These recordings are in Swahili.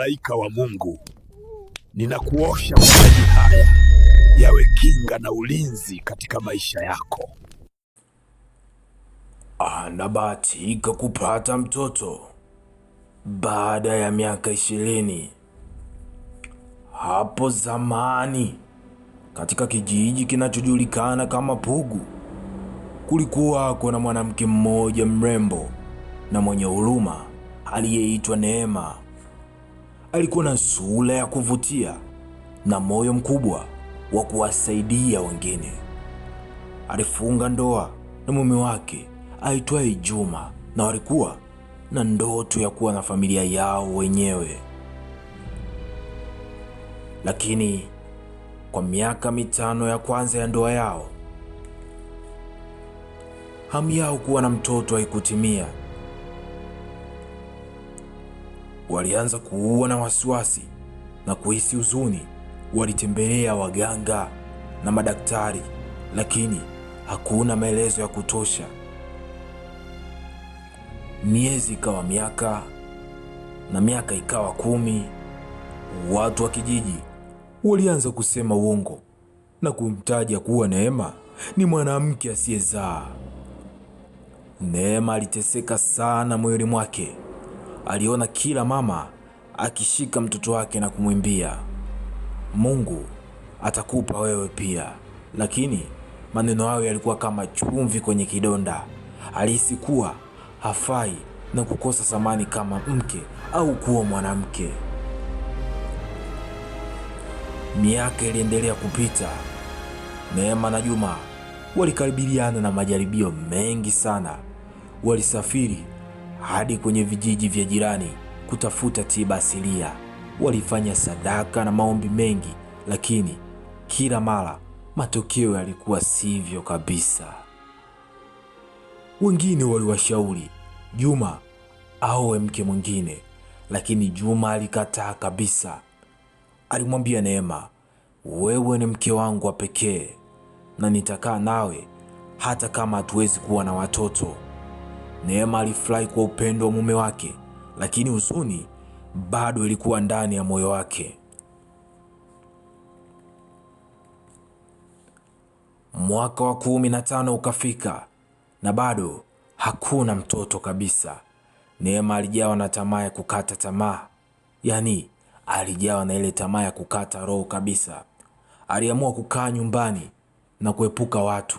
Malaika wa Mungu, ninakuosha maji haya yawe kinga na ulinzi katika maisha yako. Anabahatika ah, kupata mtoto baada ya miaka ishirini. Hapo zamani katika kijiji kinachojulikana kama Pugu kulikuwako na mwanamke mmoja mrembo na mwenye huruma aliyeitwa Neema. Alikuwa na sura ya kuvutia na moyo mkubwa wa kuwasaidia wengine. Alifunga ndoa na mume wake aitwaye Juma na walikuwa na ndoto ya kuwa na familia yao wenyewe. Lakini kwa miaka mitano ya kwanza ya ndoa yao, hamu yao kuwa na mtoto haikutimia walianza kuua na wasiwasi na kuhisi huzuni. Walitembelea waganga na madaktari, lakini hakuna maelezo ya kutosha. Miezi ikawa miaka na miaka ikawa kumi. Watu wa kijiji walianza kusema uongo na kumtaja kuwa Neema ni mwanamke asiyezaa. Neema aliteseka sana mwili mwake aliona kila mama akishika mtoto wake na kumwimbia, Mungu atakupa wewe pia. Lakini maneno hayo yalikuwa kama chumvi kwenye kidonda. Alihisi kuwa hafai na kukosa thamani kama mke au kuwa mwanamke. Miaka iliendelea kupita. Neema na Juma walikaribiliana na majaribio mengi sana. Walisafiri hadi kwenye vijiji vya jirani kutafuta tiba asilia. Walifanya sadaka na maombi mengi, lakini kila mara matokeo yalikuwa sivyo kabisa. Wengine waliwashauri Juma aoe mke mwingine, lakini Juma alikataa kabisa. Alimwambia Neema, wewe ni mke wangu wa pekee na nitakaa nawe hata kama hatuwezi kuwa na watoto. Neema alifurahi kwa upendo wa mume wake, lakini huzuni bado ilikuwa ndani ya moyo wake. Mwaka wa kumi na tano ukafika na bado hakuna mtoto kabisa. Neema alijawa na tamaa ya kukata tamaa, yaani alijawa na ile tamaa ya kukata roho kabisa. Aliamua kukaa nyumbani na kuepuka watu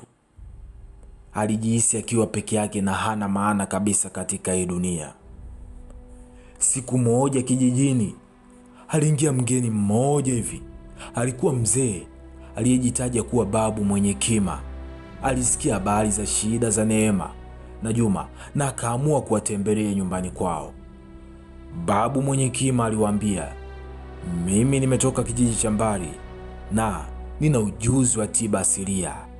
alijihisi akiwa peke yake na hana maana kabisa katika hii dunia. Siku moja kijijini, aliingia mgeni mmoja hivi. Alikuwa mzee aliyejitaja kuwa babu mwenye kima. Alisikia habari za shida za Neema na Juma na akaamua kuwatembelea nyumbani kwao. Babu mwenye kima aliwaambia, mimi nimetoka kijiji cha mbali na nina ujuzi wa tiba asilia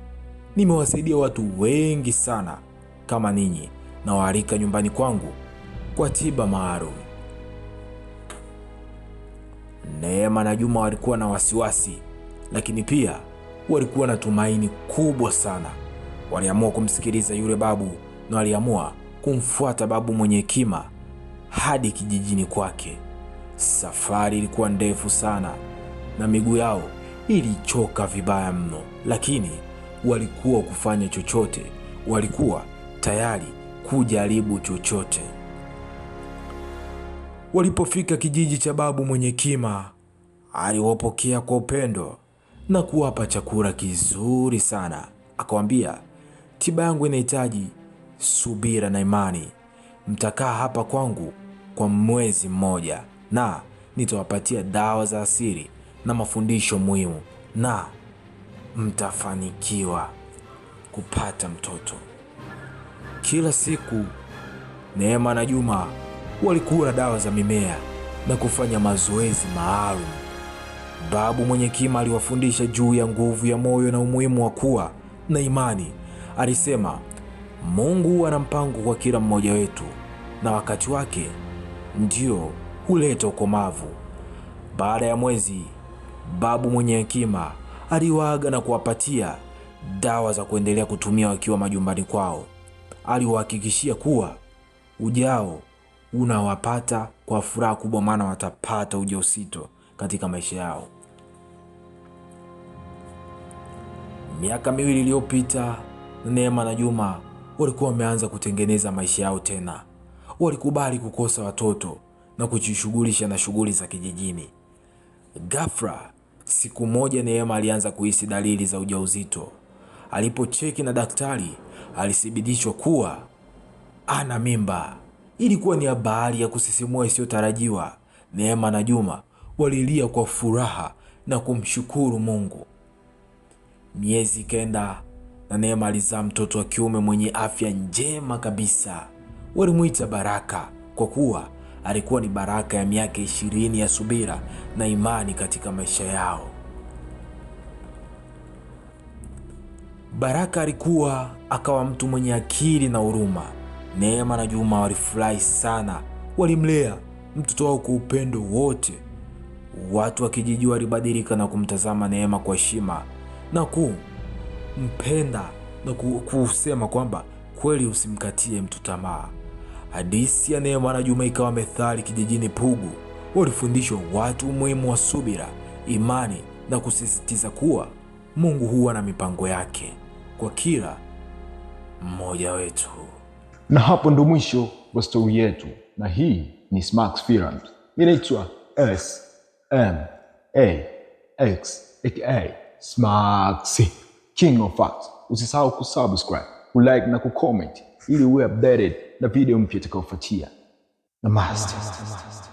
nimewasaidia watu wengi sana kama ninyi, na waalika nyumbani kwangu kwa tiba maalum. Neema na Juma walikuwa na wasiwasi, lakini pia walikuwa na tumaini kubwa sana. Waliamua kumsikiliza yule babu na waliamua kumfuata babu mwenye hekima hadi kijijini kwake. Safari ilikuwa ndefu sana na miguu yao ilichoka vibaya mno, lakini walikuwa kufanya chochote, walikuwa tayari kujaribu chochote. Walipofika kijiji cha babu mwenye kima, aliwapokea kwa upendo na kuwapa chakula kizuri sana. Akawambia, tiba yangu inahitaji subira na imani. Mtakaa hapa kwangu kwa mwezi mmoja, na nitawapatia dawa za asili na mafundisho muhimu na mtafanikiwa kupata mtoto. Kila siku Neema na Juma walikula dawa za mimea na kufanya mazoezi maalum. Babu mwenye kima aliwafundisha juu ya nguvu ya moyo na umuhimu wa kuwa na imani. Alisema Mungu ana mpango kwa kila mmoja wetu na wakati wake ndio huleta ukomavu. Baada ya mwezi, babu mwenye hekima aliwaaga na kuwapatia dawa za kuendelea kutumia wakiwa majumbani kwao. Aliwahakikishia kuwa ujao unawapata kwa furaha kubwa, maana watapata ujauzito katika maisha yao. Miaka miwili iliyopita, Neema na Juma walikuwa wameanza kutengeneza maisha yao tena. Walikubali kukosa watoto na kujishughulisha na shughuli za kijijini. Ghafla Siku moja Neema alianza kuhisi dalili za ujauzito. Alipocheki na daktari, alithibitishwa kuwa ana mimba. Ilikuwa ni habari ya kusisimua isiyotarajiwa. Neema na Juma walilia kwa furaha na kumshukuru Mungu. Miezi kenda na Neema alizaa mtoto wa kiume mwenye afya njema kabisa. Walimwita Baraka kwa kuwa alikuwa ni baraka ya miaka ishirini ya subira na imani katika maisha yao. Baraka alikuwa akawa mtu mwenye akili na huruma. Neema na Juma walifurahi sana, walimlea mtoto wao kwa upendo wote. Watu wa kijiji walibadilika na kumtazama Neema kwa heshima na kumpenda na kusema kwamba kweli usimkatie mtu tamaa. Hadisi ya Neema na Juma ikawa Methali kijijini Pugu walifundishwa watu umuhimu wa subira, imani na kusisitiza kuwa Mungu huwa na mipango yake kwa kila mmoja wetu. Na hapo ndo mwisho wa stori yetu, na hii ni Smax Films. Ninaitwa S M A X aka Smax King of Facts. Usisahau kusubscribe, kulike na kucomment ili uwe updated na video mpya itakayofuatia. Namaste. Namaste.